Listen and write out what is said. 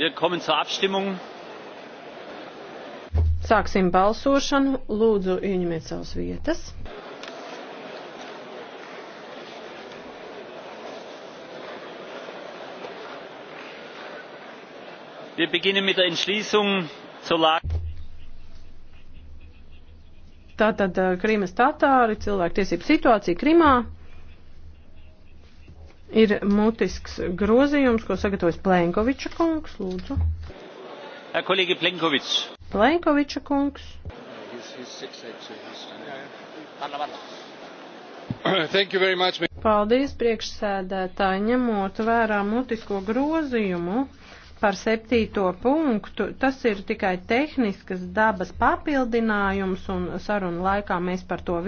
Sāksim balsošanu. Lūdzu, ieņemiet savas vietas. Wir beginnen mit der Entschließung zur Lage. Tātad eh, Krīmas tatāri, cilvēku tiesību situācija Krimā ir mutisks grozījums, ko sagatavojas Plenkoviča kungs, lūdzu. Kolēģi Plenkovič. Plenkoviča kungs. Paldies priekšsēdētāji, ņemot vērā mutisko grozījumu par septīto punktu. Tas ir tikai tehniskas dabas papildinājums un sarunu laikā mēs par to.